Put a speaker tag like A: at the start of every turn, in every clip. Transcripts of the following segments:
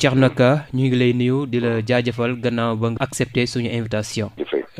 A: Thierno Ka ñu ngi lay nuyu di la jaajëfal gannaaw ba nga accepté suñu invitation.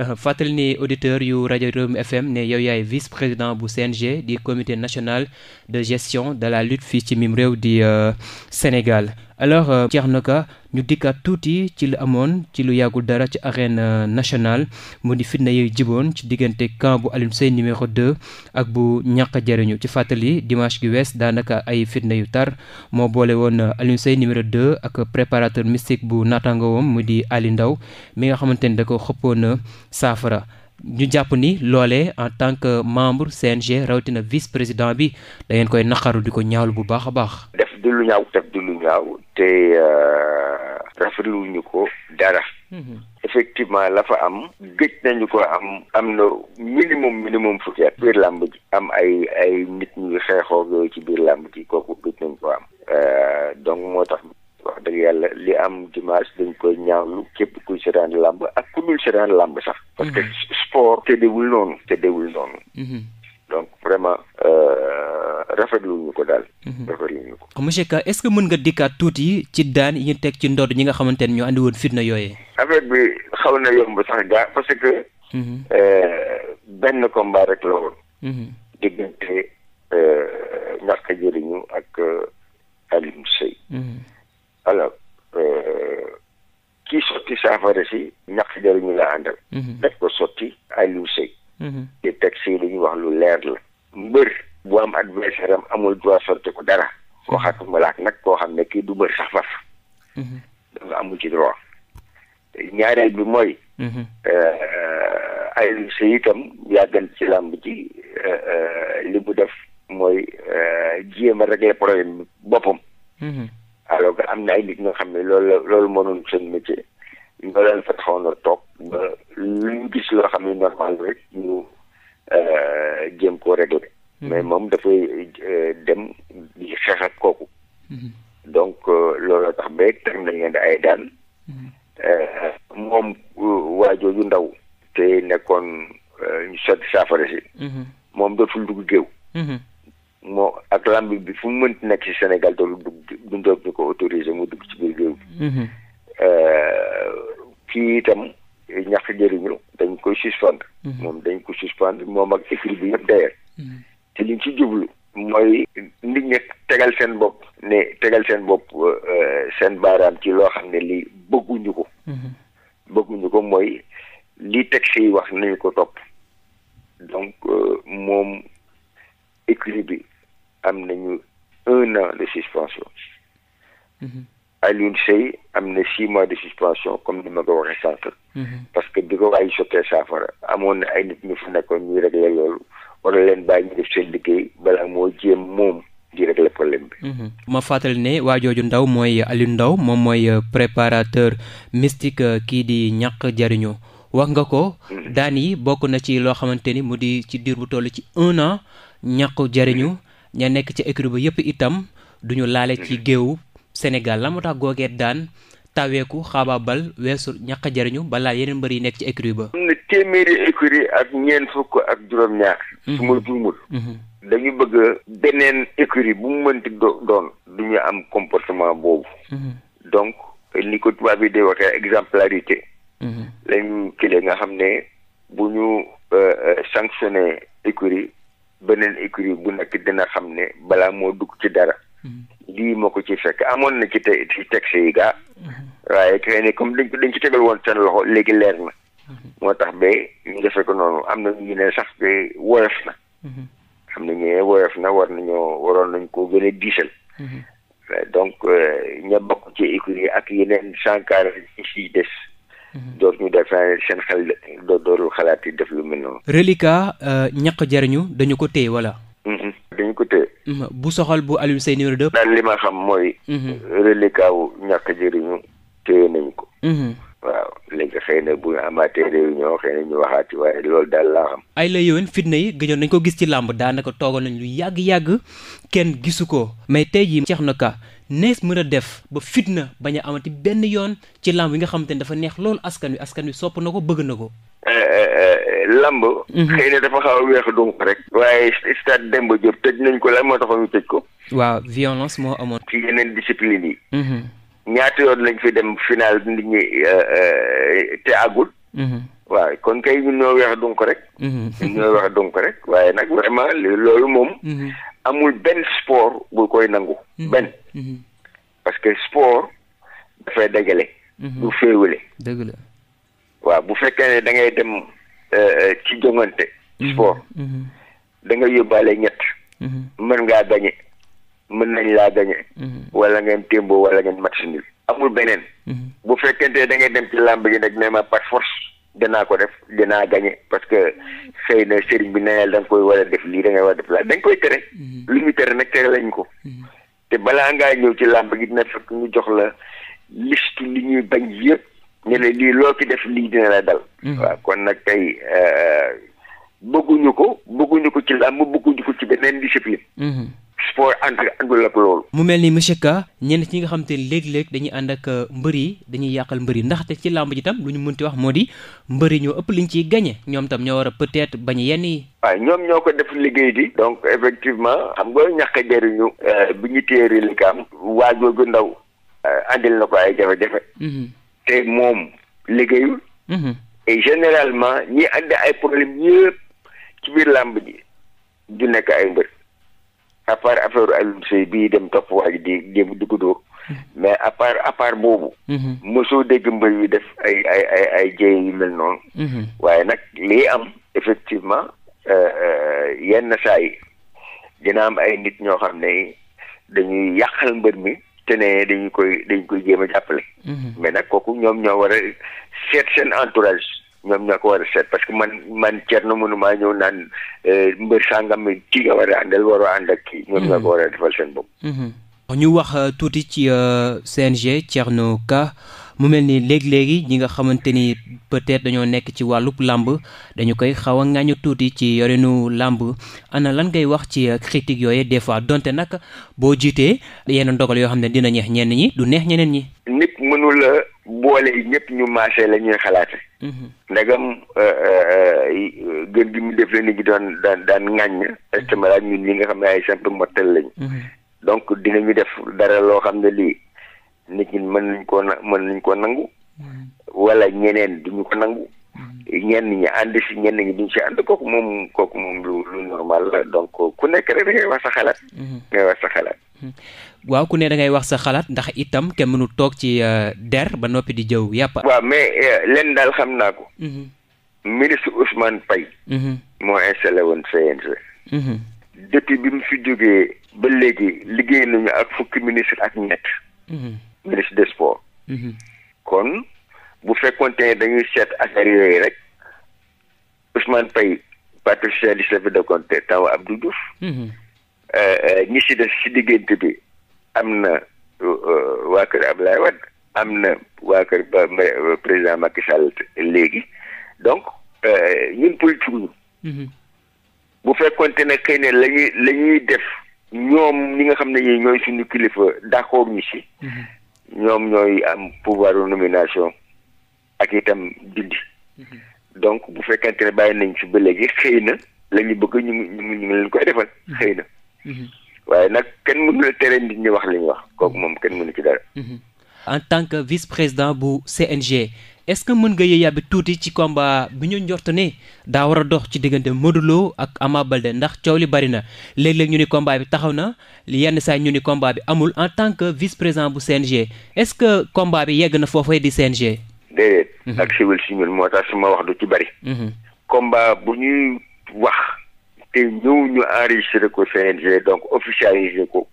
A: Ah, fàttali ni auditeur yu rajo Rewmi FM ne yow yaay vice président bu CNG di comité national de gestion de la lutte fii ci mim réew di euh, Sénégal. alors euh, Thierno Ka ñu dikkaat tuuti ci lu amoon ci lu yàggul dara ci arène euh, nationale mu di fitna yooyu jiboon ci diggante camp bu Alioune Seye numéro 2 ak bu ñàkk jariñu ci fàttali dimanche gi wees daanaka ay fitna yu tar moo boole woon euh, Alioune Seye numéro 2 ak préparateur mystique bu naataangoowam mu di Ali Ndaw mi nga xamante ni da ko xëppoon saafara. ñu jàpp ni loole en tant que membre CNG rawatina vice président bi da ngeen koy naqaru di ko ñaawlu bu baax a baax.
B: def du lu ñaaw def du lu ñaaw te euh, rafetlu ñu ko dara mhm. effectivement la fa am gëj nañu ko am am na minimum minimum fukki at biir làmb ji am ay ay nit ñuy xeexoo yooyu ci biir làmb ji kooku gëj nañu ko am euh, donc moo tax wax dëgg yàlla li am dimanche dañ koy ñaawlu képp kuy seetaan làmb ak ku dul seetaan làmb sax parce que mhm. sport tëddewul noonu tëddewul noonu mhm. donc vraiment
A: monsieur Ka est-ce que mën nga dikkaat tuuti ci daan yi teg ci ndodd ñi nga xamante ne ñoo andi woon fitna yooyee.
B: affaire bi xaw na yomb sax gaa parce que. Mhm. Euh, benn combat rek la woon. Mhm. diggante euh, ñàkk a jëriñu ak euh, Alioune Seye. Mhm. alors kii sotti saafara si ñàkk jëriñu la àndal. daf ko sotti Alioune Seye. te teg si li ñuy wax lu leer la. mbër bu am adversaire am amul droit sotti ko dara. waxaatuma laak nag koo xam ne kii du bër sax mhm. danga amul ci droit ñaareel bi mooy mhm. euh, euh, ay sa itam yàggan ci làmb ji euh, li mu def mooy jéem a régler problème boppam mhm. alors que am na ay nit ñoo xam ne loolu la loolu mënoon seen métier ñoo leen fa taxawoon a toog
C: ba luñ
B: gis loo xam ne normal rek ñu jéem koo régler mais moom dafay dem xeex ak kooku. Mm-hmm. donc euh, looloo tax ba teg na leen ay daan. Mm-hmm. Euh, moom euh, waa jooju ndaw. te nekkoon ñu sotti saafara si. Mm-hmm. moom dootul dugg géew. moo ak lamb bi fu mu mënti nekk si Sénégal dootul dugg dundoo ñu ko autorisé mu dugg ci biir géew bi. kii itam ñàkk jëriñu dañ koy suspendre. moom dañ ko suspendre moom ak équipe yëpp d'ailleurs. te liñ ci jublu. mooy nit ñi tegal seen bopp ne tegal seen bopp euh, seen baaraam ci loo xam ne lii bëgguñu ko mhm. bëgguñu ko mooy li texte yi wax nañu ko topp donc euh, moom écrit bi am nañu un an de suspension mhm. Alioune Seye am na six mois de suspension comme ni ma ko waxee sànq mhm. parce que bi ko waaye sottee saafara amoon na ay nit ñu fa nekkoon ñuy régler loolu war leen bàyyi def seen liggéey balaa moo jéem moom di régler
A: problème bi. Mhm. ma fàttali ne waa jooju ndaw mooy Aliou ndaw moom mooy euh, préparateur mystique euh, kii di ñaq jariñoo wax nga ko. Mhm. daan yi bokk na ci loo xamante ni mu di ci diir bu toll ci un an ñàkk jariñu mhm. ña nekk ci écurie ba yëpp itam duñu laale ci géew Sénégal la moo tax googee daan. saaweeku xaabaabal weesu ñàkk a jariñu balaa yeneen mbër yi nekk ci écurie ba.
B: am na téeméeri écurie ak ñeent fukk ak juróom-ñaar. Mhm. su ma juumul. Mhm. dañu bëgg beneen écurie bu mu do doon du ñu am comportement boobu. Mhm. donc ni ko tubaab yi di waxee exemplarité. lañu kile nga xam ne bu ñu euh, euh, sanctionné écurie beneen écurie bu nekk dina xam ne balaa moo dugg ci dara. lii moo ko ci fekk amoon na ci te ci texte yi gaa waaye xëy comme dañ ko dañ ci tegal woon seen loxo léegi leer na moo tax ba ñu defee ko noonu am na ñu ne sax bi woyof na xam na ñu na war nañoo waroon nañ koo gën a diisal donc euh, ña bokk ci écurie ak yeneen sànkaar yi ci des doot ñu def seen xel doo doorul xalaat yi def lu mel noonu
A: reliquat euh, ñaq jariñu dañu ko téye wala
B: mm-hmm. dañu ko téye
A: mm-hmm. bu soxal bu Alioune Seye numéro 2 daal li
B: ma xam mooy mm-hmm. reliquat ñaq jariñu téye ko. Mhm. waaw léegi xëy na bu ñu amaatee réunion xëy na
A: ñu daal laa xam. ay la yowin fitna yi gëjoon nañ ko gis ci làmb daanaka toogal nañ lu yàgg yàgg kenn gisu ko mais tey jii. Cheikhna Ka nees mën a def ba fitna bañ a benn yoon ci làmb yi nga xamante ne dafa neex loolu askan wi askan wi sopp na ko bëgg na ko. Eh,
B: eh, eh, lamb mhm. xëy na dafa xaw a weex donc rek waaye stade Demba Diop tëj nañ ko lan moo taxoon ñu tëj ko
A: waaw violence moo amoon ci yeneen discipline yi mhm.
B: ñaata yoon lañ fi dem final nit ñi euh, euh, te àggul. Mhm. waaw kon kay ñun ñoo weex donc rek. Mhm. ñun ñoo weex donc rek waaye nag vraiment loolu moom. Mhm. amul benn sport bu koy nangu. benn parce que sport dafay dajale. du féewale. dëgg waaw bu fekkee ne da dem euh, ci joŋante. sport da yóbbaale ñett. mën ngaa gañe. mën nañ laa gañe mhm. wala ngeen témboo wala ngeen match nul amul beneen mhm. bu fekkente da ngay dem ci làmb gi nag nee ma par force danaa ko def dinaa gañe parce que xëy na sëriñ bi da koy war def lii da ngay war a dañ koy tere mhm. lu ñu tere nag tere lañ ko te balaa ngaa ñëw ci làmb gi dina fekk ñu jox la liste li ñuy bañ yëpp ne la lii loo ki def lii dina la dal waaw kon nag tey euh, bëgguñu ko bëgguñu ko ci làmb bëgguñu ko ci beneen discipline sport ànd àndul ak loolu.
A: mu mel ni monsieur Ka ñenn ci nga xam te léeg-léeg dañuy ànd ak euh, mbër yi dañuy yàqal mbër yi ndaxte ci làmb ji tam lu ñu mënti wax moo di mbër yi ñoo ëpp liñ ciy gagné ñoom tam ñoo war a peut-être bañ yenn yi.
B: waaw ñoom ñoo ko def liggéey di donc effectivement xam nga ñàkk a euh, bi ñu téeri li kaam waajoo gu ndaw euh, andil na ko ay jafe-jafe mm-hmm. te moom liggéeyul mm-hmm. et généralement ñi ànd ay problème yëpp ci biir làmb ji du nekk ay mbër à part affaire Alioune Seye bii dem topp waa ji di jéem di ko mhm. mais à part à part boobu. Mhm. mosoo dégg mbër yu def ay ay ay ay jéey yu mel noonu. Mhm. waaye nag lii am effectivement euh, euh, yenn saa yi dina am ay nit ñoo xam ne dañuy yàqal mbër mi te ne dañu koy dañ koy jéem a jàppale. mais nag kooku ñoom ñoo war a seet seen entourage. ñoom ñoo ko war a parce que man man Thierno mënumaa ñëw naan eh, mbër sàngam mi kii nga war a àndal waroo ànd ak kii. ñoom ñoo mm-hmm. ko war defal seen bopp.
A: Mm-hmm. ñu wax euh, tuuti ci euh, CNG Thierno Ka mu mel ni léegi-léegi ñi nga xamante ni peut-être dañoo nekk ci wàllub làmb dañu koy xaw a ŋàññu tuuti ci yorinu làmb ana lan ngay wax ci euh, critique yooyu des fois donte nag boo jiitee yenn ndogal yoo xam ne dina ñeex ñenn ñi du neex ñeneen ñi.
B: nit mënul a boole ñëpp ñu marché la ñuy xalaate. Mm-hmm. ndagam gën gi mu def la nit ñi doon daan daan ŋàññ. Mm-hmm. est nga xam ne ay simple mortel lañu. Mm-hmm. donc ñu def dara loo xam ne lii nit ñi mën nañ koo na mën nañ koo nangu mm. wala ñeneen duñu ko nangu mm. ñenn ñi ànd si ñenn ñi duñ si ànd kooku moom kooku moom lu lu normal la donc ku nekk rek da ngay wax sa xalaat mm-hmm. ngay wax sa xalaat mm-hmm.
A: waaw ku ne da ngay wax sa xalaat ndax itam kenn mënu toog ci euh, der ba noppi di jëw yàpp waa
B: mais euh, leen daal xam naa ko mm-hmm. ministre Ousmane Paye moo installé woon CNG depuis bi mu fi jógee ba léegi liggéey nañu ak fukki ministre ak ñett. Mhm. ministre des sports. Mhm. kon bu fekkonte ne dañuy seet affaire yooyu rek Ousmane Paye parti socialiste la fi dëkkoon te taw Abdou Diouf. Mhm. Euh, euh, ñi si des si diggante bi am na euh, waa kër Ablaye Wade am na waa kër président Macky Sall léegi donc ñun politique bu fekkonte ne xëy ne la lañuy def ñoom ñi nga xam ne ñi ñooy suñu kilifa d'accord ñu si mhm. ñoom ñooy am pouvoir de nomination ak itam dindi mhm. donc bu fekkente ne bàyyi nañ fi ba léegi xëy na la bëgg ñu ngi ñu ngi leen koy defal mhm. xëy na waaye nag kenn mënul tere nit ñi wax li wax kooku moom kenn mënu ci dara
A: en tant que vice-président bu CNG est-ce que mën nga yee yàbbi tuuti ci combat bi ñu njort ni daa war a dox ci diggante Modou Lo ak Ama Baldé ndax coow li bari na léeg-léeg ñu ni combat bi taxaw na yenn saa ñu ni combat bi amul en tant que vice-président bu CNG est-ce que combat bi yegg na foofee di CNG.
B: déedéet. Mhm. ak civil civil moo tax su wax du ci bari. Mhm. combat bu ñuy wax. te ñëw ñu enregistré ko CNG donc officialisé ko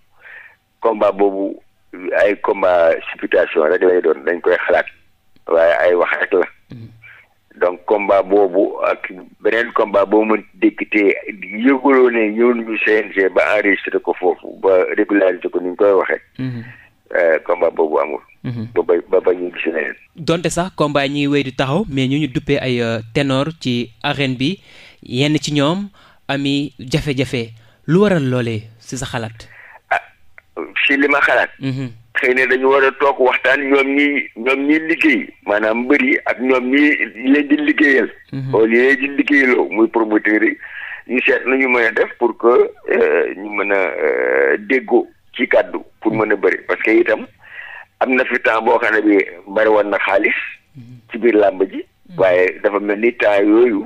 B: combat boobu ay combat supputation rek lay koy xalaat. waaye ay wax rek la mm-hmm. donc combat boobu ak beneen combat boo mën dégg te yëgaloo ne ñëw ñu CNG ba enregistré ko foofu ba régularisé ko ni ñu koy waxee. Mm-hmm. Euh, combat boobu amul. Mm-hmm. ba ba ñu
A: gis leneen. donte sax combat yi ñuy wéy di taxaw mais ñu ñu duppee ay euh, tenoor ci arène bi yenn ci ñoom ami jafe-jafe lu waral loolee ci sa xalaat. ah
B: ci xalaat. xëy ne dañu war a toog waxtaan ñoom ñi ñoom ñi liggéey maanaam mbëri ak ñoom ñi leen di liggéeyal. wala mhm. ñi di liggéeyaloo muy promoteur yi ñu seet nu ñu mën a def pour que euh, ñu mën a euh, déggoo ci kàddu pour mën a bëri parce que itam am na fi temps boo xam bi bari woon na xaalis ci biir làmb ji mhm. waaye dafa mel ni temps yooyu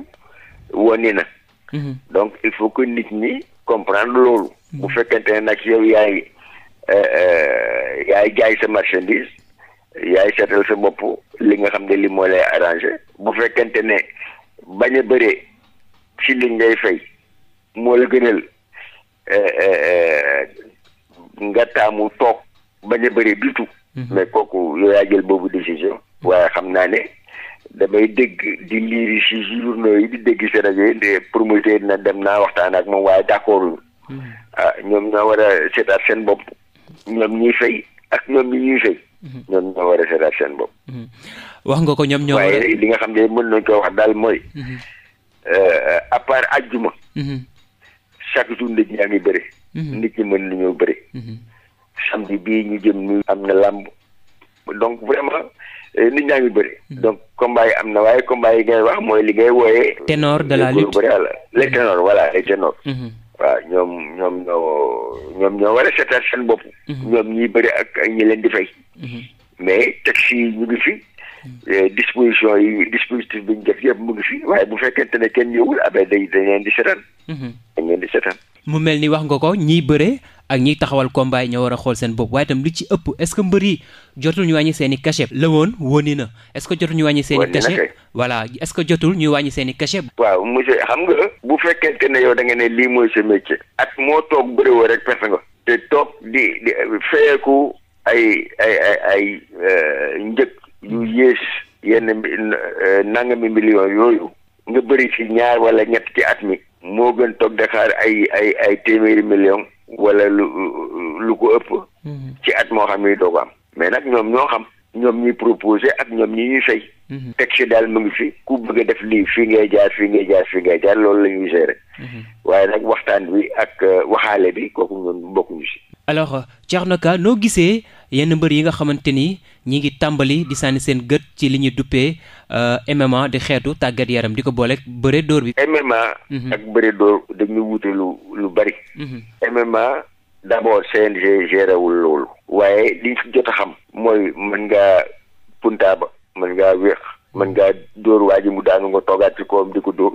B: woni na. Mhm. donc il faut que nit ñi comprendre loolu. bu fekkente ne nag yow yaa ngi. Euh, yaay jaay sa marchandise yaay seetal sa bopp li nga xam ne li moo lay arrangé bu fekkente ne bañ a bëree ci li ngay fay moo la gënal eh, eh, eh, nga taamu toog bañ a bëree du mhm. mais kooku yow yaa boobu décision waaye xam naa ne damay dégg di liiri si journaux yi di dégg si rajo yi na dem naa waxtaan ak moom waaye d'accord mhm. ah, ñoom ñoo war a seetaat seen bopp ñoom ñuy fay ak ñoom ñi ñuy sëy mhm. ñoom ñoo war a seetaat seen bopp
A: mhm. wax nga
B: ko ñoom ñoo waaye li nga xam ne mën nañ ko wax daal mooy mhm. euh, à part ajjuma chaque jour nit ñaa ngi bëri nit ñi mën nañoo bëri samedi bii ñu jëm ñu am na làmb donc vraiment euh, nit ñaa ngi bëri donc combat yi am na waaye combat yi ngay wax mooy li ngay wooyee
A: de la lutte bëri
B: la les waaw ñoom ñoom ñoo ñoom ñoo war a seetaat seen bopp. Mhm. ñoom ñi bëri ak ñi leen di fay. Mhm. mais taxi yi ñu ngi fi. Mhm. Eh, disposition yi dispositif bi ñu def yëpp mu ngi fi waaye bu fekkente ne kenn ñëwul abe ah day dañ leen di seetaan. dañ leen di seetaan.
A: mu mel ni wax nga ko ñiy bëre ak ñiy taxawal combat ñoo war a xool seen bopp waaye itam li ci ëpp est-ce que mbër yi jotul ñu wàññi seen i la woon wóoni na est-ce que jotul ñu wàññi seen i cachet voilà est-ce que jotul ñu wàññi seeni i cachet
B: waaw monsieur xam nga bu fekkente ne yow da nga ne lii mooy sa métier at moo toog bëriwoo rek perte nga te toog di di feyeeku ay ay ay ay euh, njëg yu yées yenn euh, nangami million yooyu nga bëri ci ñaar wala ñett ci at mi moo gën toog di ay ay ay téeméeri million wala lu lu ko ëpp. Mhm. ci at moo xam ni doo ko am. mais nag ñoom ñoo xam. ñoom ñuy proposé ak ñoom ñi ñuy fay. Mhm. texte daal mu ngi fi ku bëgg def lii fii ngay jaar fii ngay jaar fii ngay jaar loolu la ñuy gérer. Mhm. waaye nag waxtaan bi ak euh, waxaale bi kooku
A: ñun bokkuñu si. alors euh, Thierno Ka noo gisee yenn mbër yi nga xamante ni ñi ngi tàmbali di sànni seen gët ci li ñuy duppee euh, MMA di xeetu tàggat yaram di ko booleeg bëre dóor bi.
B: MMA. Mhm. ak bëre dóor dañuy wuute lu lu bari. MMA d'abord CNG géré loolu. waaye liñ fi jot a xam. mooy mën nga puntaaba mën ngaa wéex man ngaa dóor waa ji mu daanu nga toogaat ci kawam di ko dóor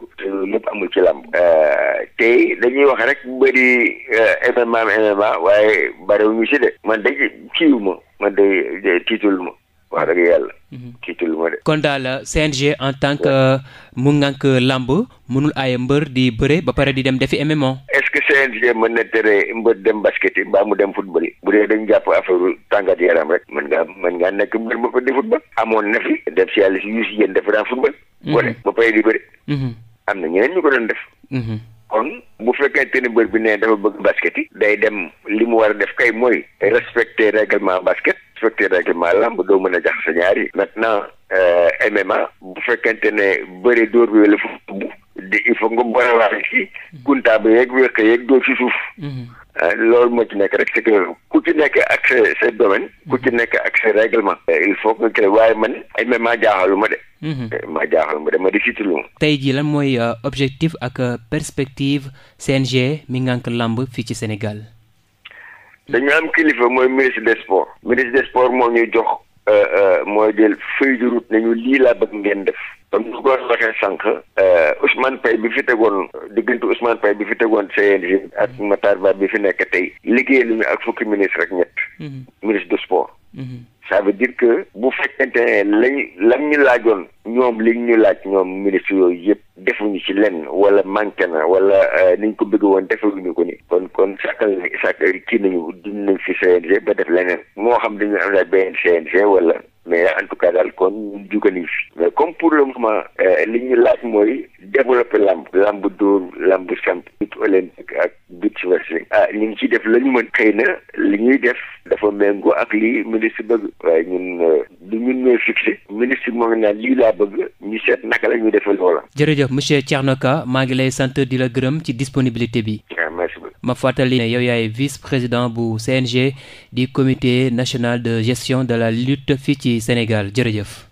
B: lépp amul ci làmb euh, tey dañuy wax rek bëri euh, MMA waaye bariwuñu si de man de kiiw ma man de tiitul ma wax dëgg yàlla. tiitalu mhm. ma
A: de. kon daal euh, CNG en tant que euh, mu ngànk làmb mënul aaye mbër di bëre ba pare di dem defi MMA.
B: est-ce que CNG mën na tere mbër dem basket yi mbaa mu dem football yi. bu dee dañu jàpp affaire tàngat yaram rek. mën ngaa mën ngaa nekk mbër ba ko di football. amoon na fi dem si yàlla si yu si yéen dafa daan football. Mhm. ba pare di bëri. Mhm. am na ñeneen ñu ko doon def. kon bu fekkente ne mbër bi ne dafa bëgg basket yi. day dem li mu a su fekkee règlement làmb doo mën a jaxase ñaar yi maintenant euh, MMA bu fekkente ne bëri dóor bi wala fu di il faut nga boole waale ci gunta ba mhm. euh, moo ci nekk rek c'est nekk ak sa sa domaine ku mhm. euh, il faut que waaye man ay mhm. ma maa jaaxalu ma de maa jaaxalu ma de ma di siitilu
A: tey jii lan mooy objectif ak perspective CNG mi ngànk làmb fii ci Sénégal
B: dañu am kilifa mooy ministre des sports ministre des sports moo ñuy jox euh, euh, mooy jël feuille de route nañu lii laa bëgg ngeen def comme ñu ko waxee sànq euh, Ousmane Paye bi fi tegoon diggante Ousmane Paye bi fi tegoon CNG ak Matar Ba bi fi nekk tey liggéey lu ñu ak fukki ministre ak ñett mhm. ministre du sport mhm. sa veut dire que bu fekkente ne lañ lan ñu laajoon ñoom liñ ñu laaj ñoom ministre yooyu yëpp defuñu ci lenn wala manqué na wala euh, niñ ko bëgg woon defaguñu ko ni kon kon sàkkal sàkkal kii nañu dindi nañ fi CNG ba def leneen moo xam dañu am la benn CNG wala mais en tout cas daal kon ñun jugani fi mais comme pour le moment euh, li ñu laaj mooy développer lamb lamb dóor lamb champ lutte olympique ak lutte wrestling ah ñu ngi ciy def lañu mën xëy na li ñuy def dafa méngoo ak li ministre bëgg waaye ñun euh, du ñun ñooy fixé ministre moo ngi naan lii laa bëgg ñu seet naka la ñuy defee loola
A: jërëjëf monsieur Thierno Ka maa ngi lay sant di la gërëm ci disponibilité bi merci ma fàttali ne yow yaay vice-président bu CNG di commité national de gestion de la lutte fii ci Sénégal jërëjëf